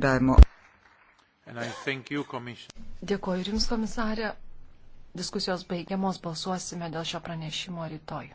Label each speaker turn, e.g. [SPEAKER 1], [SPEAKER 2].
[SPEAKER 1] bendradarbiavimo.
[SPEAKER 2] Dėkuoju ir Jums, komisarė. Diskusijos baigiamos, balsuosime dėl šio pranešimo rytoj.